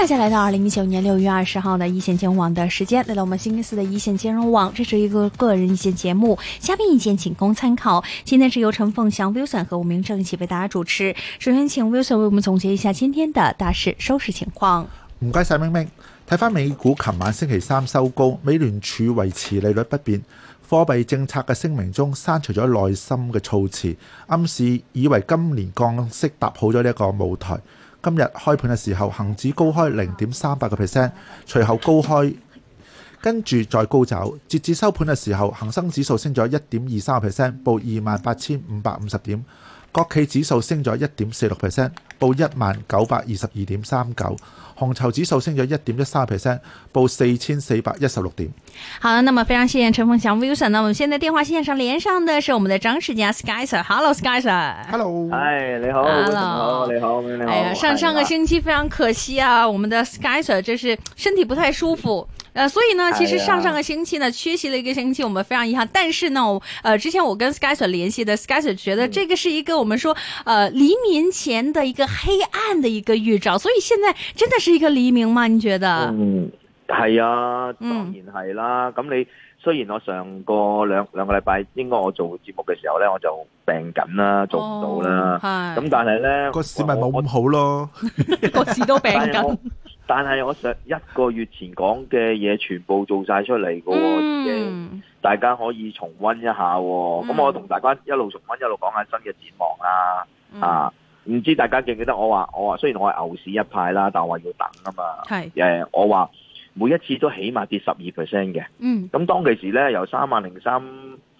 大家來到二零一九年六月二十號的一線金融網的時間，來到我們星期四的一線金融網，這是一個個人意見節目，嘉賓意見僅供參考。今天是由陳鳳祥 Wilson 和吳明正一起為大家主持。首先，請 Wilson 為我們總結一下今天的大市收市情況。唔該晒，明明。睇翻美股，琴晚星期三收高，美聯儲維持利率不變，貨幣政策嘅聲明中刪除咗耐心嘅措辭，暗示以為今年降息搭好咗呢一個舞台。今日開盤嘅時候，恒指高開零點三八個 percent，隨後高開，跟住再高走，截至收盤嘅時候，恒生指數升咗一點二三個 percent，報二萬八千五百五十點。國企指數升咗一點四六 percent，報一萬九百二十二點三九。紅籌指數升咗一點一三 percent，報四千四百一十六點。好，那麼非常謝謝陳鳳翔 Wilson。那我們現在電話線上連上的是我們的張士佳 Sky Sir。Hello Sky Sir，Hello，哎，Hello、Hi，你好，你好，你好，你好。哎呀，上上個星期非常可惜啊、哎，我們的 Sky Sir 就是身體不太舒服。呃、所以呢，其實上上個星期呢、啊、缺席了一個星期，我們非常遺憾。但是呢，呃之前我跟 Sky Sir 聯繫的，Sky Sir 覺得這個是一個我們說、嗯、呃黎明前的一個黑暗的一個預兆。所以現在真的是一個黎明嗎？你覺得？嗯，係啊，當然係啦。咁、嗯、你雖然我上個兩兩個禮拜，應該我做節目嘅時候呢，我就病緊啦，做唔到啦。係、哦。咁、嗯、但係呢，個市咪冇咁好咯， 個市都病緊。 但係我想一個月前講嘅嘢全部做晒出嚟嘅，哦嗯，大家可以重溫一下，哦。咁，嗯，我同大家一路重溫，一路講下新嘅展望啊，嗯！啊，唔知大家記唔記得我話我話，雖然我係牛市一派啦，但係要等啊嘛。係誒，我話每一次都起碼跌十二 percent 嘅。嗯。咁當其時咧，由三萬零三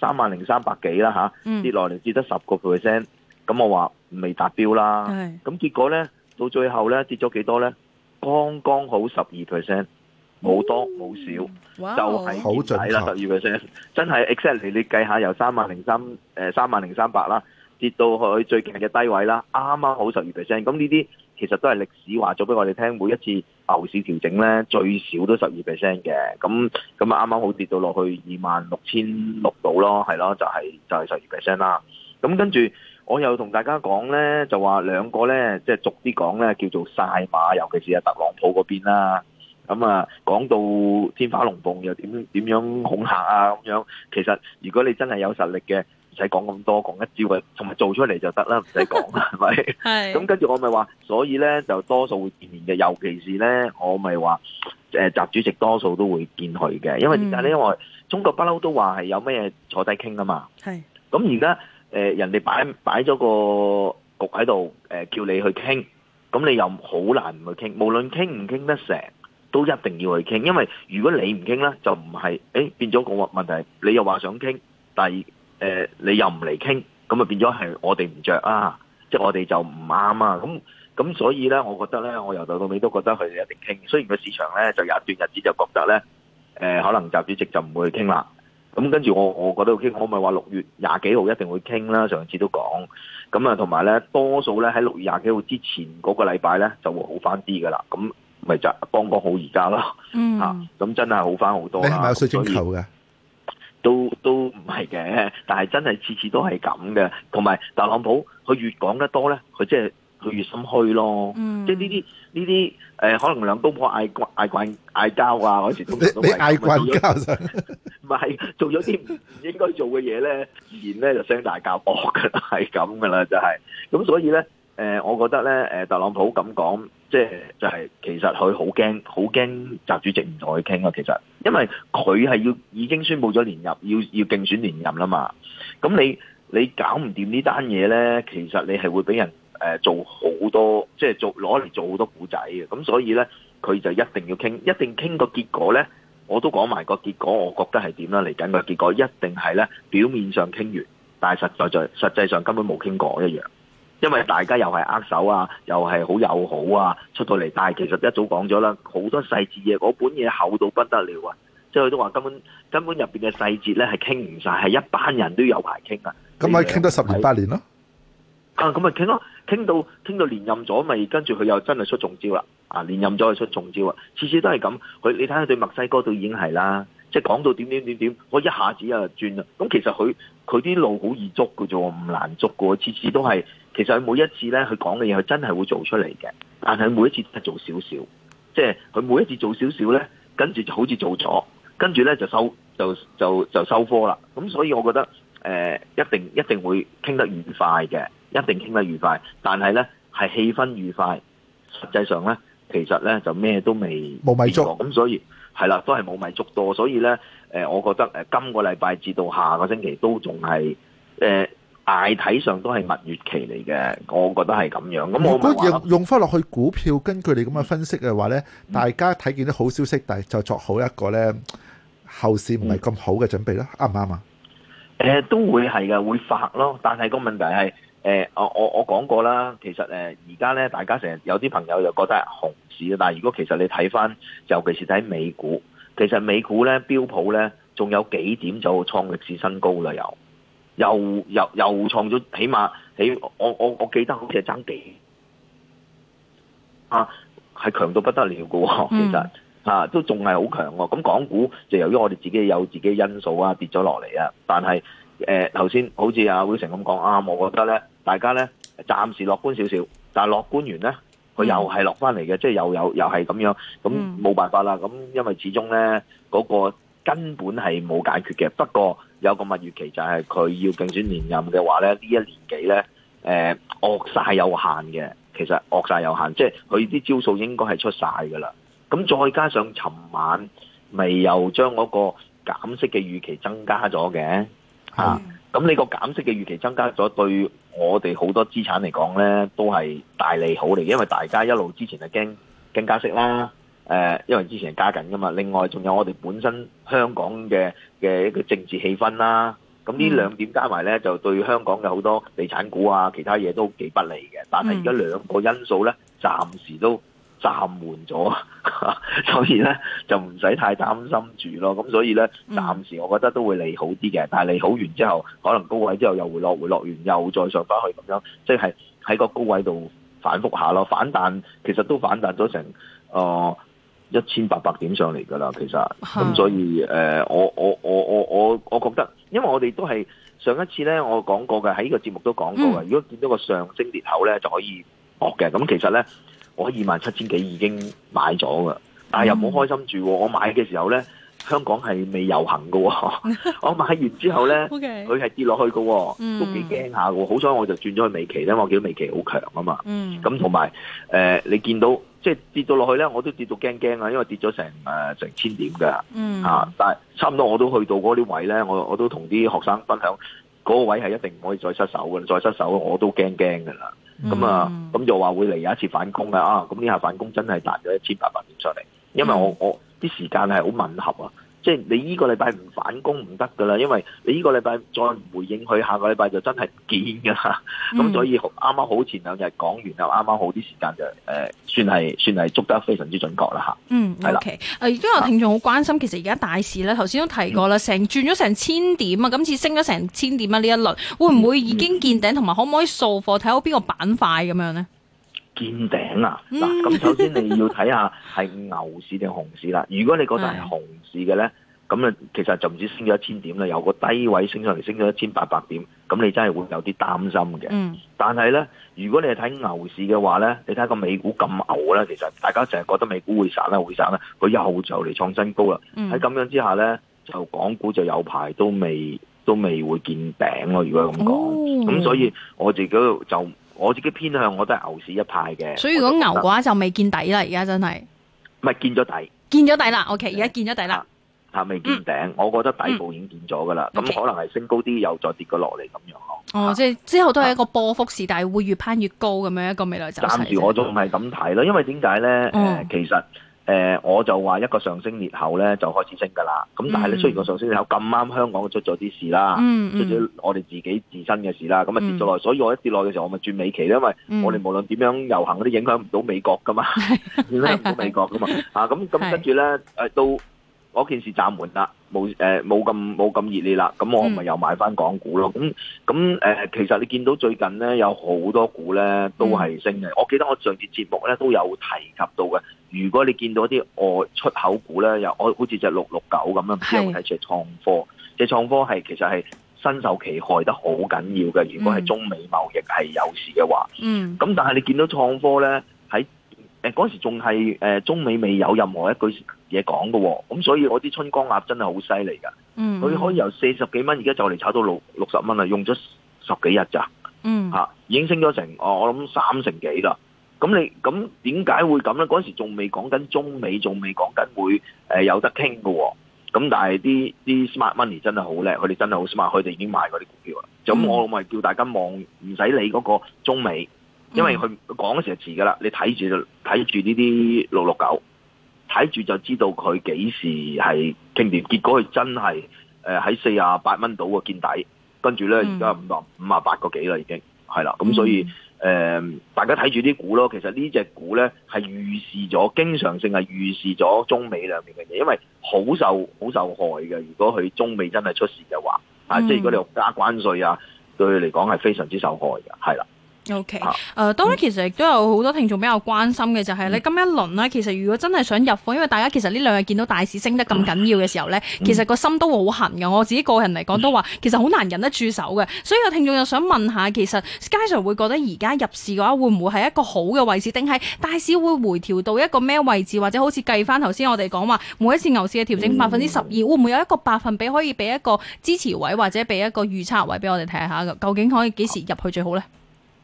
三萬零三百幾啦吓，啊，跌落嚟跌得十個 percent，咁我話未達標啦。係。咁結果咧，到最後咧，跌咗幾多咧？剛剛好十二 percent，冇多冇少，哦、就係好睇啦。十二 percent 真係 exactly，你計下由三萬零三誒三萬零三百啦，跌到去最近嘅低位啦，啱啱好十二 percent。咁呢啲其實都係歷史話咗俾我哋聽，每一次牛市調整咧，最少都十二 percent 嘅。咁咁啊啱啱好跌到落去二萬六千六度咯，係咯，就係、就係、就係十二 percent 啦。咁跟住。我又同大家講咧，就話兩個咧，即係俗啲講咧，叫做晒馬，尤其是啊特朗普嗰邊啦。咁、嗯、啊，講到天花龍鳳又點點樣恐嚇啊咁樣。其實如果你真係有實力嘅，唔使講咁多，講一招嘅，同埋做出嚟就得啦，唔使講，係 咪 嗯？咁、 嗯、跟住我咪話，所以咧就多數會見面嘅，尤其是咧，我咪話誒習主席多數都會見佢嘅，因為點解咧？因為中國不嬲都話係有咩坐低傾噶嘛。咁而家。誒人哋擺擺咗個局喺度，誒、呃、叫你去傾，咁你又好難唔去傾。無論傾唔傾得成，都一定要去傾，因為如果你唔傾咧，就唔係、欸、變咗個問題。你又話想傾，但係、呃、你又唔嚟傾，咁啊變咗係我哋唔著啊，即、就、係、是、我哋就唔啱啊。咁咁所以咧，我覺得咧，我由頭到尾都覺得佢哋一定傾。雖然個市場咧就有一段日子就覺得咧、呃，可能習主席就唔會去傾啦。咁跟住我，我覺得傾，我咪話六月廿幾號一定會傾啦。上次都講，咁啊，同埋咧，多數咧喺六月廿幾號之前嗰個禮拜咧就會好翻啲噶啦。咁咪就幫幫好而家咯。嗯。吓，咁真係好翻好多啦。你買水晶球嘅？都都唔係嘅，但係真係次次都係咁嘅。同埋特朗普，佢越講得多咧，佢即係。佢越心虛咯，嗯、即係呢啲呢啲，誒、呃，可能兩公婆嗌嗌嗌交啊，嗰時通常都嗌交，唔係、啊啊啊、做咗啲唔應該做嘅嘢咧，自然咧就聲大交，哦，咁係咁噶啦，就係咁、就是嗯，所以咧，誒、呃，我覺得咧，誒、呃，特朗普咁講，即係就係、是就是、其實佢好驚，好驚習主席唔同佢傾啊。其實，因為佢係要已經宣布咗連任，要要競選連任啦嘛，咁、嗯、你你搞唔掂呢單嘢咧，其實你係會俾人。誒做好多，即係做攞嚟做好多古仔嘅，咁所以咧，佢就一定要傾，一定傾個結果咧。我都講埋個結果，我覺得係點啦？嚟緊個結果一定係咧，表面上傾完，但係實在在實際上根本冇傾過一樣，因為大家又係握手啊，又係好友好啊，出到嚟，但係其實一早講咗啦，好多細節嘢，嗰本嘢厚到不得了啊，即係佢都話根本根本入面嘅細節咧係傾唔晒，係一班人都有排傾啊。咁咪傾多十年八年咯，啊，咁咪傾咯。傾到傾到連任咗，咪跟住佢又真係出重招啦！啊，連任咗又出重招啦，次次都係咁，佢你睇下對墨西哥都已經係啦，即係講到點點點點，我一下子又轉啦。咁其實佢佢啲路好易捉嘅啫，唔難捉㗎。次次都係。其實佢每一次咧，佢講嘅嘢，佢真係會做出嚟嘅。但係每一次都係做少少，即係佢每一次做少少咧，跟住就好似做咗，跟住咧就收就就就收科啦。咁所以我覺得誒、呃，一定一定會傾得愉快嘅。一定傾得愉快，但係咧係氣氛愉快，實際上咧其實咧就咩都未冇米粥，咁所以係啦，都係冇米粥多，所以咧誒，我覺得誒今個禮拜至到下個星期都仲係誒大體上都係蜜月期嚟嘅，我覺得係咁樣。咁如果用用翻落去股票，根據你咁嘅分析嘅話咧，大家睇見啲好消息，但係就作好一個咧後市唔係咁好嘅準備咧，啱唔啱啊？誒都會係嘅，會發咯，但係個問題係。誒，我我我講過啦，其實誒，而家咧，大家成日有啲朋友又覺得係熊市啊，但係如果其實你睇翻，尤其是睇美股，其實美股咧標普咧，仲有幾點就創歷史新高啦，又又又又創咗起碼起，我我我記得好似係爭幾啊，係強到不得了噶，啊，其實啊，都仲係好強喎。咁港股就由於我哋自己有自己因素啊，跌咗落嚟啊，但係。誒頭先好似阿會成咁講啊，我覺得咧，大家咧暫時樂觀少少，但係樂觀完咧，佢又係落翻嚟嘅，即係又有又係咁樣，咁冇辦法啦。咁因為始終咧嗰個根本係冇解決嘅。不過有個蜜月期就係佢要競選連任嘅話咧，呢一年幾咧誒惡晒有限嘅，其實惡晒有限，即係佢啲招數應該係出晒㗎啦。咁再加上尋晚未又將嗰個減息嘅預期增加咗嘅。啊！咁你個減息嘅預期增加咗，對我哋好多資產嚟講咧，都係大利好嚟。因為大家一路之前係驚驚加息啦，誒，因為之前係加緊㗎嘛。另外，仲有我哋本身香港嘅嘅一個政治氣氛啦。咁呢兩點加埋咧，就對香港嘅好多地產股啊，其他嘢都幾不利嘅。但係而家兩個因素咧，暫時都。暫緩咗，所以咧就唔使太擔心住咯。咁所以咧，暫時我覺得都會利好啲嘅。但係利好完之後，可能高位之後又回落，回落完又再上翻去咁樣，即係喺個高位度反覆下咯。反彈其實都反彈咗成哦一千八百點上嚟㗎啦。其實咁所以誒、呃，我我我我我我覺得，因為我哋都係上一次咧，我講過嘅喺呢個節目都講過嘅、嗯。如果見到個上升裂口咧，就可以搏嘅。咁其實咧。我二萬七千幾已經買咗噶，但係又冇開心住。我買嘅時候咧，香港係未遊行噶、哦。 我買完之後咧，佢、okay. 係跌落去噶、哦，都幾驚下噶。好彩我就轉咗去美期咧，我見到美期好強啊嘛。咁同埋誒，你見到即係跌到落去咧，我都跌到驚驚啊，因為跌咗成誒、呃、成千點噶。Mm. 啊，但係差唔多我都去到嗰啲位咧，我我都同啲學生分享。嗰個位係一定唔可以再失手㗎。再失手我都驚驚㗎啦。咁啊，咁又話會嚟有一次反攻㗎。啊！咁呢下反攻真係彈咗一千八百點出嚟，因為我我啲時間係好吻合啊。即係你呢個禮拜唔反攻唔得噶啦，因為你呢個禮拜再唔回應佢，下個禮拜就真係唔見噶啦。咁、嗯、所以啱啱好前兩日講完又啱啱好啲時間就誒、呃，算係算係捉得非常之準確啦吓。嗯，係啦。誒，都有聽眾好關心，啊、其實而家大市咧，頭先都提過啦，成轉咗成千點啊，今次升咗成千點啊，呢一輪會唔會已經見頂，同、嗯、埋可唔可以掃貨睇好邊個板塊咁樣咧？見頂啊！嗱、嗯，咁首先你要睇下係牛市定熊市啦。如果你覺得係熊市嘅咧，咁、嗯、其實就唔止升咗一千點啦，有個低位升上嚟，升咗一千八百點，咁你真係會有啲擔心嘅、嗯。但係咧，如果你係睇牛市嘅話咧，你睇個美股咁牛啦，其實大家成日覺得美股會散啦、啊，會散啦、啊，佢又就嚟創新高啦。喺、嗯、咁樣之下咧，就港股就有排都未，都未會見頂咯。如果咁講，咁、嗯、所以我自己就。我自己偏向我都係牛市一派嘅，所以如果牛嘅話就未見底啦，而家真係，唔係見咗底，見咗底啦，OK，而家見咗底啦，吓、啊、未見頂、嗯，我覺得底部已經見咗噶啦，咁、嗯、可能係升高啲又再跌個落嚟咁樣咯、okay. 啊。哦，即係之後都係一個波幅市，但係會越攀越高咁樣一個未來走、啊。勢。暫時我唔係咁睇咯，因為點解咧？誒、嗯呃，其實。誒、呃，我就話一個上升裂口咧，就開始升噶啦。咁但係你出現個上升裂口咁啱，香港出咗啲事啦、嗯嗯，出咗我哋自己自身嘅事啦。咁、嗯、啊跌咗落，所以我一跌落嘅時候，我咪轉美期，因為我哋無論點樣遊行都影響唔到美國噶嘛，嗯、 影響唔到美國噶嘛。咁咁跟住咧誒，到嗰件事暫緩啦，冇誒冇咁冇咁熱烈啦。咁我咪又買翻港股咯。咁咁誒，其實你見到最近咧有好多股咧都係升嘅、嗯。我記得我上次節目咧都有提及到嘅。如果你見到啲外出口股咧，又我好似隻六六九咁樣，唔知係咪隻創科？隻創科係其實係身受其害得好緊要嘅。如果係中美貿易係有事嘅話，咁、嗯、但係你見到創科咧喺誒嗰時仲係誒中美未有任何一句嘢講嘅喎，咁所以我啲春江鴨真係好犀利㗎，佢、嗯、可以由四十幾蚊而家就嚟炒到六六十蚊啦，用咗十幾日咋，嚇、啊、已經升咗成我我諗三成幾啦。咁你咁點解會咁咧？嗰時仲未講緊中美，仲未講緊會、呃、有得傾嘅喎。咁但係啲啲 smart money 真係好叻，佢哋真係好 smart，佢哋已經買嗰啲股票啦。咁、嗯、我咪叫大家望，唔使理嗰個中美，因為佢講嗰時係遲噶啦。你睇住就睇住呢啲六六九，睇住就知道佢幾時係傾掂。結果佢真係喺四十八蚊到個見底，跟住咧而家五十五十八個幾啦已經係啦。咁所以。嗯嗯、大家睇住啲股咯。其實隻呢隻股咧，係預示咗，經常性係預示咗中美兩邊嘅嘢，因為好受好受害嘅。如果佢中美真係出事嘅話，啊、嗯，即係如果你話加關稅啊，對佢嚟講係非常之受害嘅，係啦。O.K. 誒、呃，當然其實亦都有好多聽眾比較關心嘅就係你今一輪呢。其實如果真係想入貨，因為大家其實呢兩日見到大市升得咁緊要嘅時候呢、嗯，其實個心都會好痕㗎。我自己個人嚟講都話、嗯、其實好難忍得住手嘅，所以有聽眾又想問一下，其實 Sky Sir 會覺得而家入市嘅話，會唔會係一個好嘅位置？定係大市會回調到一個咩位置？或者好似計翻頭先我哋講話，每一次牛市嘅調整百分之十二，會唔會有一個百分比可以俾一個支持位或者俾一個預測位俾我哋睇下究竟可以幾時入去最好呢？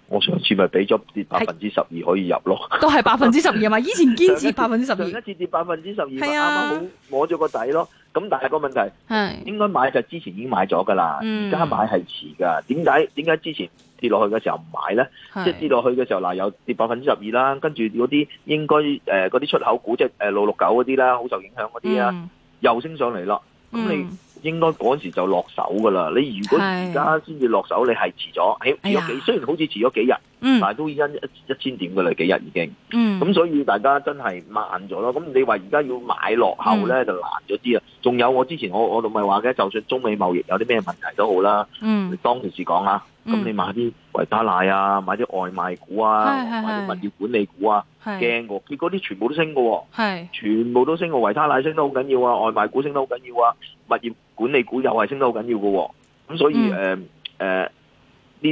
我上次咪俾咗跌百分之十二可以入咯， 都係百分之十二嘛？以前堅持百分之十二，而家次跌百分之十二，咪啱啱好摸咗個底咯。咁但係個問題，應該買就之前已經買咗噶啦，而、嗯、家買係遲噶。點解？點解之前跌落去嘅時候唔買咧？即係跌落去嘅時候，嗱，有跌百分之十二啦，跟住嗰啲應該誒嗰啲出口股即誒六六九嗰啲啦，好受影響嗰啲啊，又升上嚟咯。咁、嗯、你？應該嗰時就落手噶啦，你如果而家先至落手，你係遲咗，係遲咗幾、哎，雖然好似遲咗幾日，嗯，但都已經一一千點噶啦，幾日已經，咁、嗯、所以大家真係慢咗咯。咁你話而家要買落後咧，嗯，就難咗啲啊。仲有我之前我我仲咪話嘅，就算中美貿易有啲咩問題都好啦，嗯、你當其時講啊，咁、嗯、你買啲維他奶啊，買啲外賣股啊，是是是買啲物業管理股啊，驚喎，哦，結果啲全部都升㗎喎，哦，全部都升喎，維他奶升得好緊要啊，外賣股升得好緊要啊，物業管理股又係升得好緊要嘅，哦，咁所以誒誒呢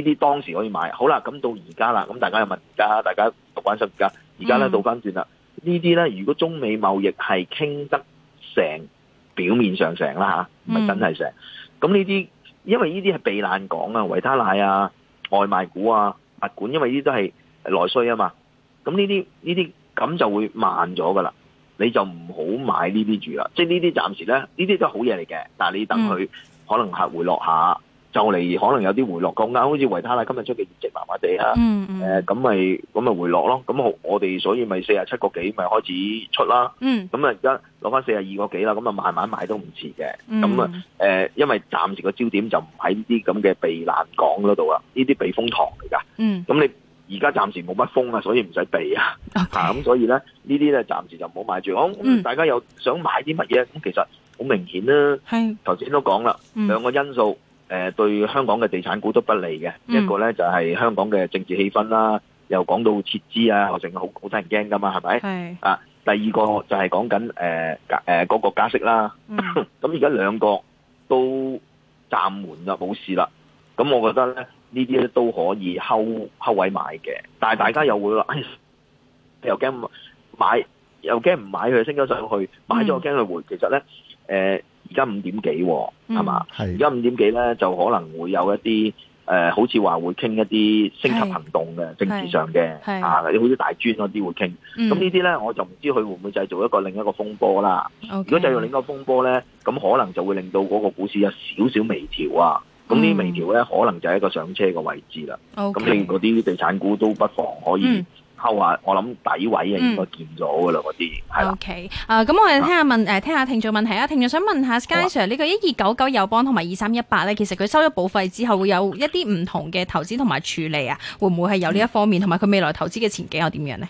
啲當時可以買。好啦，咁到而家啦，咁大家又問而家，大家讀翻書噶。而家咧倒翻轉啦，嗯，呢啲咧如果中美貿易係傾得成表面上成啦吓，唔係真係成。咁呢啲因為呢啲係避難港啊，維他奶啊、外賣股啊、物，啊，管，因為呢啲都係內需啊嘛。咁呢啲呢啲咁就會慢咗噶啦。你就唔好買呢啲住啦，即係呢啲暫時咧，呢啲都係好嘢嚟嘅。但係你等佢可能係回落下，就嚟可能有啲回落。剛啱好似維他啦，今日出嘅業績麻麻地下，誒咁咪咁咪回落咯。咁我我哋所以咪四十七個幾咪開始出啦。咁啊而家攞翻四十二個幾啦，咁啊慢慢買都唔遲嘅。咁、mm-hmm. 啊、呃、因為暫時個焦點就唔喺呢啲咁嘅避難港嗰度啊，呢啲避風塘嚟噶。咁、mm-hmm. 你。而家暫時冇乜風啊，所以唔使避啊，嚇、okay. 咁、啊、所以咧呢啲咧暫時就唔好買住。好、哦嗯，大家又想買啲乜嘢？咁其實好明顯啦、啊。係頭先都講啦、嗯，兩個因素誒、呃、對香港嘅地產股都不利嘅、嗯。一個咧就係、是、香港嘅政治氣氛啦、啊，又講到撤資啊，我成好好使人驚噶嘛，係咪？係啊。第二個就係講緊誒誒個加息啦。咁而家兩個都暫緩啦，冇事啦。咁我覺得咧。呢啲都可以後後位買嘅，但係大家又會話、哎，又驚買，又驚唔買佢升咗上去，買咗我驚佢回。嗯、其實咧，誒而家五點幾、哦，係、嗯、嘛？而家五點幾咧，就可能會有一啲誒、呃，好似話會傾一啲升級行動嘅政治上嘅，的的啊，好似大專嗰啲會傾。咁、嗯、呢啲咧，我就唔知佢會唔會製造一個另一個風波啦。Okay、如果製造另一個風波咧，咁可能就會令到嗰個股市有少少微調啊。咁、嗯、呢微調咧，可能就係一個上車嘅位置啦。咁、okay, 你嗰啲地產股都不妨可以溝下。嗯、我諗底位啊、嗯，應該見咗噶啦，嗰啲係喇 OK，啊、呃，咁我哋聽下問，誒、啊，聽下聽眾問題啊。聽眾想問下 Sky Sir 呢個一二九九友邦同埋二三一八咧，其實佢收咗保費之後，會有一啲唔同嘅投資同埋處理啊，會唔會係有呢一方面，同埋佢未來投資嘅前景又點樣呢？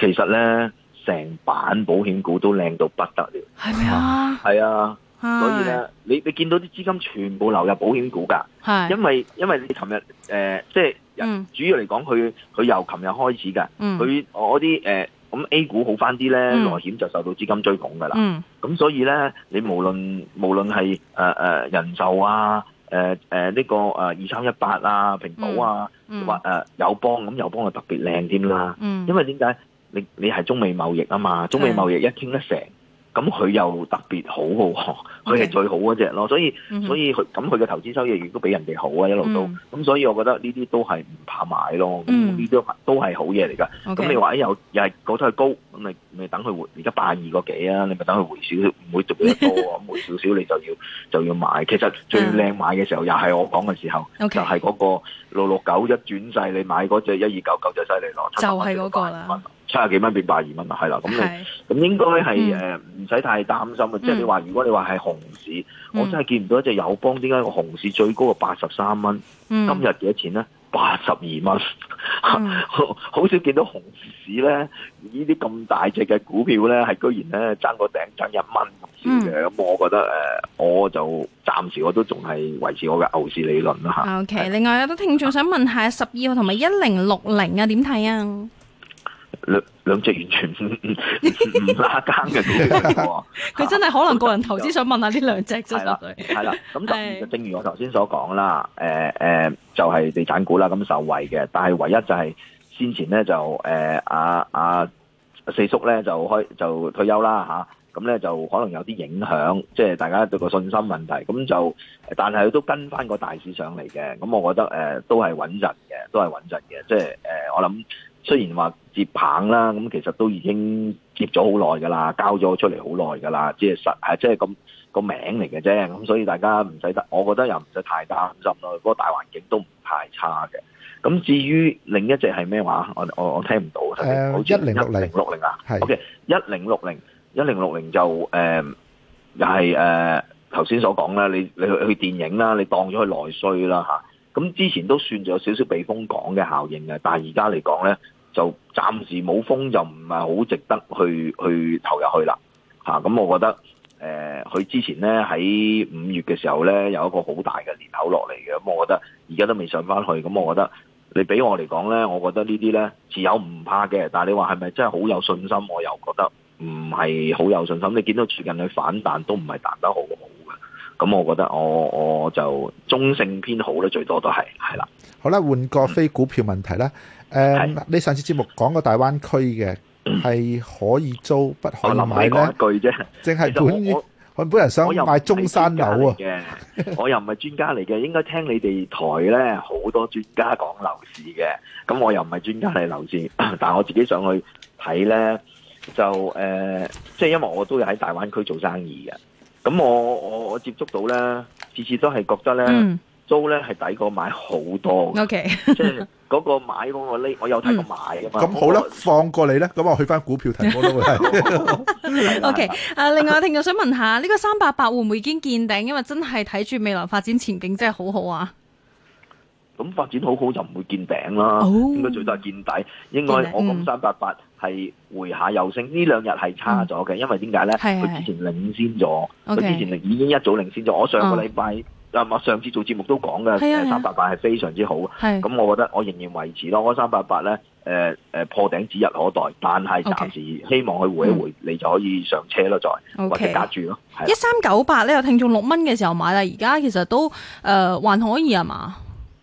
其實咧，成板保險股都靚到不得了。係咪啊？係啊。所以咧，你你見到啲資金全部流入保險股噶，因為因為你尋日誒，即、呃、係、就是嗯、主要嚟講，佢佢由琴日開始噶，佢我啲誒咁 A 股好翻啲咧，內險就受到資金追捧噶啦。咁、嗯嗯、所以咧，你無論無論係誒誒人壽啊，誒誒呢個誒二三一八啊，平保啊，嗯、或誒友、呃、邦咁，友、呃邦，呃、邦就特別靚添啦。嗯、因為點解？你你係中美貿易啊嘛，中美貿易一傾得成。咁佢又特別好喎、哦，佢、okay. 係最好嗰隻咯，所以、mm-hmm. 所以佢咁佢嘅投資收益亦都比人哋好啊，一路都咁，mm-hmm. 所以我覺得呢啲都係唔怕買咯，咁呢啲都都係好嘢嚟噶。咁、okay. 你話咧又又係覺得佢高，咁咪咪等佢回，而家百二個幾啊？你咪等佢回少少，唔會仲高喎， 回少少你就要就要買。其實最靚買嘅時候又係我講嘅時候，mm-hmm. 時候 okay. 就係嗰個六六九一轉世，你買嗰隻一二九九就犀利咯，就係嗰啦。七十幾蚊變百二蚊啊，係啦，咁你咁應該係誒唔使太擔心啊。即係你話，如果你話係熊市，嗯、我真係見唔到一隻友邦點解個熊市最高嘅八十三蚊，今日幾多錢咧？八十二蚊，好、 嗯、 少見到熊市咧，呢啲咁大隻嘅股票咧，係居然咧爭個頂爭一蚊咁嘅。咁、嗯、我覺得誒、呃，我就暫時我都仲係維持我嘅牛市理論啦嚇。O、okay, K，另外有啲聽眾想問下十二號同埋一零六零啊，點睇啊？兩兩隻完全唔唔唔拉更嘅股票，佢真係可能個人投資想問下呢兩隻先啦。係 啦，咁就正如我頭先所講啦，誒、呃、誒、呃、就係、是、地產股啦，咁受惠嘅。但係唯一就係先前咧就誒阿阿四叔咧就開就退休啦吓，咁、啊、咧就可能有啲影響，即、就、係、是、大家對個信心問題。咁就但係佢都跟翻個大市上嚟嘅，咁我覺得誒都係穩陣嘅，都係穩陣嘅。即係誒，我諗。雖然話接棒啦，咁其實都已經接咗好耐噶啦，交咗出嚟好耐噶啦，即係實，係即係咁個名嚟嘅啫。咁所以大家唔使得，我覺得又唔使太擔心咯。嗰、那個大環境都唔太差嘅。咁至於另一隻係咩話？我我我聽唔到。好似一零六零六零啊，O K. 一零六零一零六零就誒、呃，又係誒頭先所講啦。你你去去電影啦，你當咗去內需啦咁、啊、之前都算咗有少少避風港嘅效應嘅，但係而家嚟講咧，就暫時冇風就唔係好值得去去投入去啦，吓，咁我覺得誒佢之前咧喺五月嘅時候咧有一個好大嘅裂口落嚟嘅，咁我覺得而家都未上翻去，咁我覺得你俾我嚟講咧，我覺得、呃、呢啲咧持有唔、嗯嗯、怕嘅，但係你話係咪真係好有信心？我又覺得唔係好有信心。你見到最近佢反彈都唔係彈得好好嘅，咁、嗯、我覺得我我就中性偏好咧，最多都係係啦。好啦，換個非股票問題啦。嗯誒、um,，你上次節目講過大灣區嘅係可以租，不可以買啫，淨係本我，我，我本人想買中山樓嘅，我又唔係專家嚟嘅， 應該聽你哋台咧好多專家講樓市嘅。咁我又唔係專家嚟樓市，但係我自己上去睇咧，就誒、即、呃、係、就是、因為我都有喺大灣區做生意嘅。咁我我我接觸到咧，次次都係覺得咧、嗯、租咧係抵過買好多。O K，即係。嗰、那個買嗰個呢、嗯，我有睇過買噶嘛？咁好啦，放過你咧，咁我去翻股票睇。供 咯 OK，誒，另外聽友想問一下，呢、這個三八八會唔會已經見頂？因為真係睇住未來發展前景真係好好啊。咁發展好好就唔會見頂啦、哦，應該最多係見底。應該我講三八八係回下又升，呢兩日係差咗嘅、嗯，因為點解咧？佢之前領先咗，佢、okay, 之前已經一早領先咗。Okay, 我上個禮拜。嗯啊！我上次做節目都講嘅，三八八係非常之好，咁、啊、我覺得我仍然維持咯。我三八八呢，誒、呃、誒破頂指日可待，但係暫時希望佢回一回、嗯，你就可以上車咯，再、okay、或者加住咯。一三九八呢，咧，聽眾六蚊嘅時候買啦，而家其實都誒、呃、還可以現在 5. 啊嘛，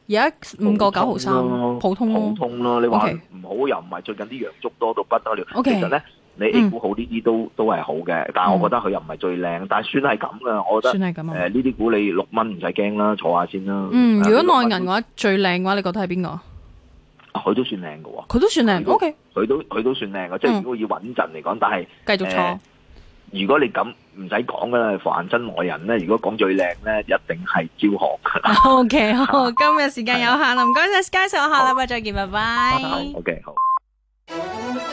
而家五個九毫三，普通、啊、普通咯、啊啊啊，你話唔好、okay、又唔係，最近啲羊足多到不得了，okay、其實咧。你 A 股好呢啲都、嗯、都係好嘅，但係我覺得佢又唔係最靚、嗯，但係算係咁啦。我覺得算係咁誒、呢、呃、啲股你六蚊唔使驚啦，坐下先啦、嗯呃。如果內銀嘅話，最靚嘅話，你覺得係邊個？佢、啊、都算靚嘅喎。佢都算靚，O K。佢都佢、okay、都，都算靚嘅、嗯，即係如果要穩陣嚟講，但係繼續坐、呃。如果你咁唔使講噶啦，凡真外人咧，如果講最靚咧，一定係招行嘅啦。 o Okay , K，好， 今日時間有限，咁唔該晒 Sky，下禮拜再見，拜拜。o、okay, K，好。好